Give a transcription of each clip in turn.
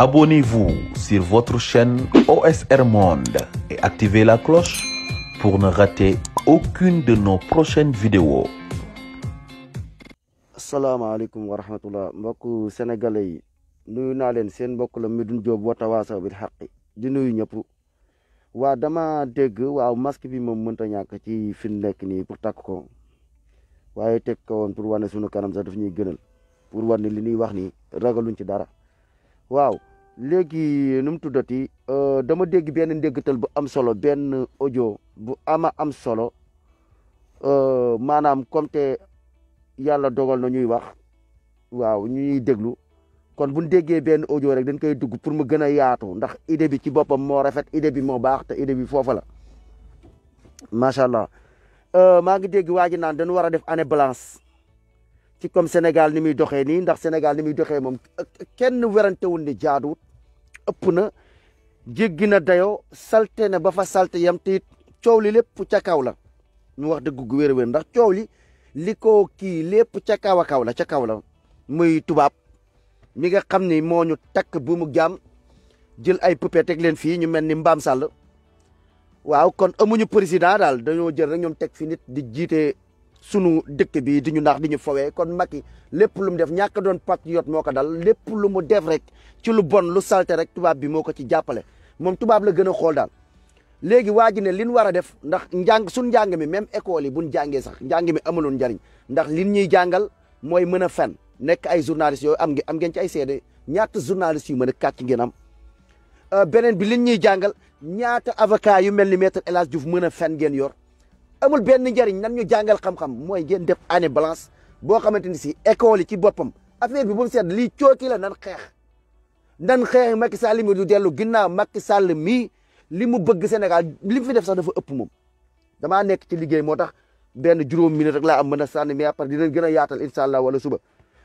Abonnez-vous sur votre chaîne OSR Monde et activez la cloche pour ne rater aucune de nos prochaines vidéos. asalaamaaleykum wa rahmatullah mbokk sénégalais yi nuyu naa leen seen mbokk la Medoune Diop wa tawaasaw bil xaqi di nuyu ñëpp waa dama dégg waaw masque bi moom mënta ñàkk ci fi nekk nii pour takk ko waaye teg ko woon pour wane sunu kanam sax daf ñuy gënal pour wane li ñuy wax nii ragaluñ ci dara waaw léegi nu mu tuddati euh, dama dégg benn ndéggtal bu am solo benn audio bu ama am solo euh, maanaam comme te yàlla dogal na ñuy wax waaw ñuy déglu kon bu ñu déggee benn audio rek dañ koy dugg pour mu gën a yaatu ndax idée bi ci boppam moo rafet idée bi moo baax te idée bi foofa la macha allah euh, maa ngi dégg waa ji naan dañu war a def année blanche ci comme Sénégal ni muy doxee nii ndax Sénégal ni muy doxee moom kenn werantewul ne jaaduwut ëpp na jéggi na dayoo salte na ba fa salte yam te it coow li lépp ca kaw la mu wax dëgg gu wér ndax coow li li ko kii lépp ca kaw a kaw la ca kaw la muy tubaab mi nga xam ni moo ñu takk bu mu jaam jël ay poupée leen fii ñu mel ni mbaam sàll waaw kon amuñu président daal dañoo jël rek ñoom teg fi nit di jiite sunu dëkk bi di ñu naax di ñu fowee kon Macky lépp lu mu def ñàkk doon patriote moo ko dal lépp lu mu def rek ci lu bon lu salte rek tubaab bi moo ko ci jàppale moom tubaab la gën a xool daal. léegi waa ji ne li ñu war a def ndax njàng suñ njàng mi même école yi bu jàngee sax njàng mi amaloon njariñ ndax li ñuy jàngal mooy mën a fen nekk ay journalistes yooyu am ngeen am ngeen ci ay seede ñaata journalistes yu mën a kàcc ngeen am. Euh, beneen bi li ñuy jàngal ñaata avocat yu mel ni maître El Hadj mën a fen ngeen yor amul benn njariñ nan ñu jàngal xam-xam mooy ngeen def année balance boo xamante ni si école yi ci boppam affaire bi bu mu seet lii cooki la nan xeex nan xeex Macky Sall mi du dellu ginnaaw Macky Sall mii li mu bëgg Sénégal li mu fi def sax dafa ëpp moom damaa nekk ci liggéey moo tax benn juróom minute rek laa am mën a sànni mais après dinañ gën a yaatal incha allah wala suba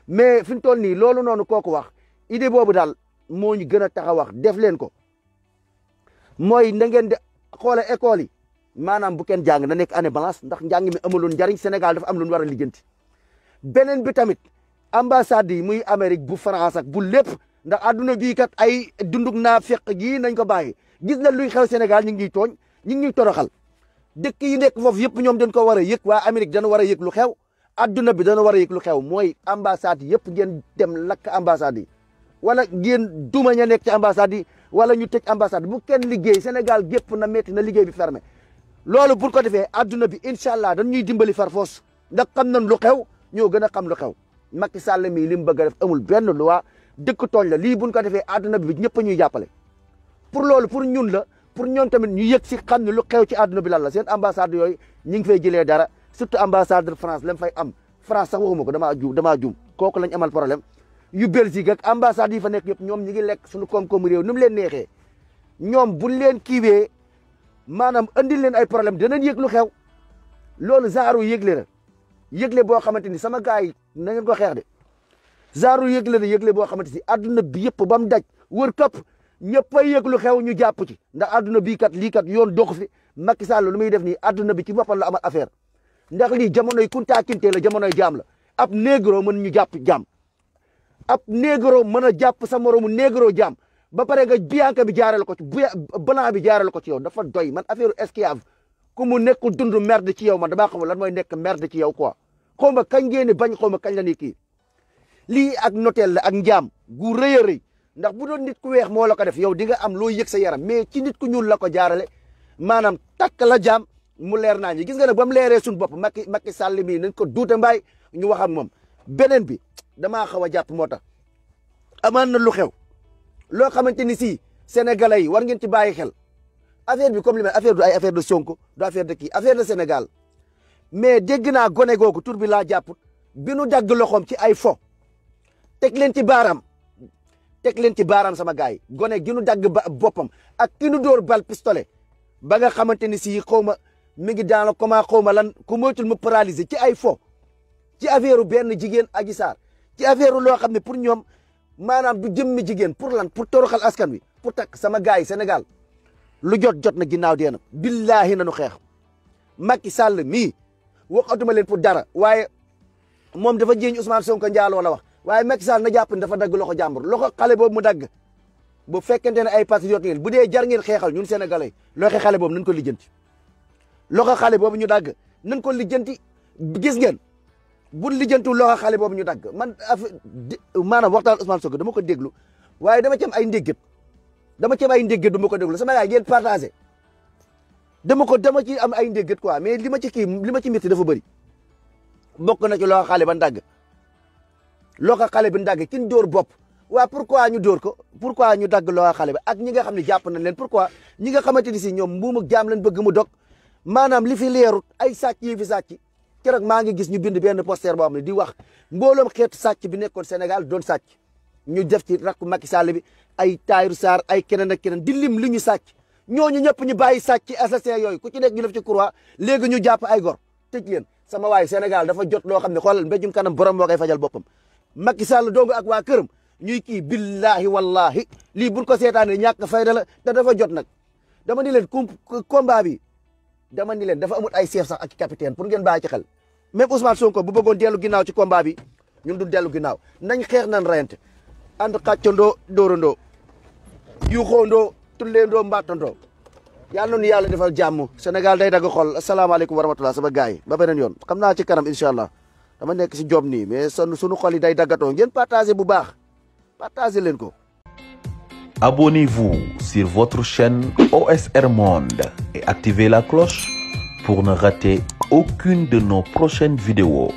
mais fi mu toll nii loolu noonu kooko wax idée boobu daal moo ñu gën a tax wax def leen ko mooy na ngeen di xoolal école yi maanaam bu kenn jàng na nekk année balance ndax njàng mi amaloon njariñ Sénégal dafa am lu ñu war a beneen bi tamit ambassade yi muy Amérique bu France bu lépp ndax adduna bii kat ay dundug naa feq gii nañ ko bàyyi gis na luy xew Sénégal ñu ngi ñuy ñu ngi toroxal dëkk yi nekk foofu yëpp ñoom dañ ko war a yëg waa Amérique dana war a yëg xew adduna bi dana war a lu xew mooy ambassade yëpp ngeen dem lakk ambassade yi wala ngeen duma ña nekk ci ambassade yi wala ñu tëj ambassade bu kenn liggéey Sénégal gépp na métti na liggéey bi ferme loolu bu ko defee adduna bi incha allah dañ ñuy dimbali farfoos ndax xam nañ lu xew ñoo gën a xam lu xew Macky Sall mii li mu bëgg a def amul benn loi dëkk tooñ la lii buñ ko defee adduna bi ñëpp ñuy jàppale pour loolu pour ñun la pour ñoom tamit ñu yëg si xam ne lu xew ci adduna bi lan la seen ambassade yooyu ñu ngi fay jëlee dara surtout ambassade France lañ fay am France sax waxuma ko damaa juum damaa juum kooku lañ amal problème yu Belgique ak ambassade yi fa nekk yëpp ñoom ñu ngi lekk suñu koom-koomu réew ni leen neexee ñoom buñ leen kiiwee maanaam andil leen ay problème danañ yëg lu xew loolu zaaru yëgle la yëgle boo xamante ni sama gars yi na ngeen ko xeex de zaaru yëgle la yëgle boo xamante ni adduna bi yëpp ba mu daj wër këpp ñëpp a yëg lu xew ñu jàpp ci ndax adduna bii kat lii kat yoon doxu fi Macky Sall lu muy def nii adduna bi ci boppam la amal affaire ndax lii jamonoy Kunta Kinte la jamonoy jaam la ab négro mën ñu jàpp jaam ab négro mën a jàpp sa moromu négro jaam ba pare nga bianca bi jaarale ko ci blanc bi jaarale ko ci yow dafa doy man affaire esclave ku mu nekkul dund merde ci yow ma damaa xamul lan mooy nekk merde ci yow quoi ko ma kañ ngeen bañ xaw ma kañ la ni kii lii ak notel la ak njaam gu rëy a ndax bu doon nit ku weex moo la ko def yow di nga am loo yëg sa yaram mais ci nit ku ñuul la ko jaarale maanaam takk la jaam mu leer naa ñi gis nga ne ba mu leeree suñu bopp Macky Macky Sall mii nañ ko duute mbaay ñu wax ak moom beneen bi damaa xaw a jàpp moo tax amaan na lu xew loo xamante ni si sénégalais yi war ngeen ci bàyyi xel affaire bi comme li may affaire du ay affaire de Sonko du affaire de ki affaire de Sénégal mais dégg naa gone googu tur bi laa jàpp bi nu dagg ci ay fo teg leen ci baaraam teg leen ci baaraam sama gars yi gone gi nu dagg ba boppam ak ki dóor bal pistolet ba nga xamante ni si xaw ma mi ngi daana comment xaw ma lan ku moytul mu paralysé ci ay fo ci affaire benn jigéen Adji Sarr ci affaire loo xam ne pour ñoom maanaam du jëmmi jigéen pour lan pour toroxal askan wi pour takk sama gars yi Sénégal lu jot jot na ginnaaw deenam billaahi nanu xeex Macky Sall mii waxatuma leen pour dara waaye moom dafa jiiñ Ousmane Sonko njaaloo la wax waaye Macky Sall na jàpp dafa dagg loxo jàmbur loxo xale boobu mu dagg bu fekkente ne ay jot ngeen bu dee jar ngeen xeexal ñun sénégalais loxo xale boobu nañ ko lijjanti loxo xale boobu ñu dagg nañ ko lijjanti gis ngeen bu lijjantu loxo xale boobu ñu dagg man affaire maanaam waxtaan Ousmane Sonko dama ko déglu waaye dama ci ay ndéggat dama ci am ay ndéggat du ma ko déglu sama gars ngeen partagé dama ko dama ci am ay ndéggat quoi mais li ma ci kii li ma ci métti dafa bëri bokk na ci loxo xale ba ndagg loxo xale bi ndagg kin dóor bopp waaw pourquoi ñu dóor ko pourquoi ñu dagg loxo xale bi ak ñi nga xam ne jàpp nañ leen pourquoi ñi nga xamante ni si ñoom mbuum ak jaam leen bëgg mu dog maanaam li fi leerut ay sàcc yi fi keroog maa ngi gis ñu bind benn poster boo xam ne di wax mbooloom xeetu sàcc bi nekkoon Sénégal doon sàcc ñu def ci rakku Macky Sall bi ay Tahirou Sarr ay keneen ak keneen di lim li ñu sàcc ñooñu ñëpp ñu bàyyi sàcc assassin yooyu ku ci nekk ñu def ci croix léegi ñu jàpp ay gor tëj leen sama waay Sénégal dafa jot loo xam ne xoolal mbéjum kanam borom moo koy fajal boppam Macky Sall dong ak waa këram ñuy kii billahi wallahi lii buñ ko seetaanee ñàkk fayda la te dafa jot nag dama ni leen combat bi dama ni leen dafa amul ay chef sax ak capitaine pour ngeen bàyyi ci xel même Ousmane Sonko bu bëggoon dellu ginnaaw ci combat bi ñun du dellu ginnaaw nañ xeex nañ reyante ànd xàccandoo doo yuuxoondoo doo mbàttandoo yàlla nu yàlla defal jàmm Sénégal day dagg xol asalaamaaleykum wa rahmatulah sama gars yi ba beneen yoon xam naa ci kanam incha allah dama nekk si job nii mais sunu sunu xol yi day daggatoo ngeen partagé bu baax partagé leen ko. Abonnez-vous sur votre chaîne OSR Monde et activez la cloche pour ne rater aucune de nos prochaines vidéo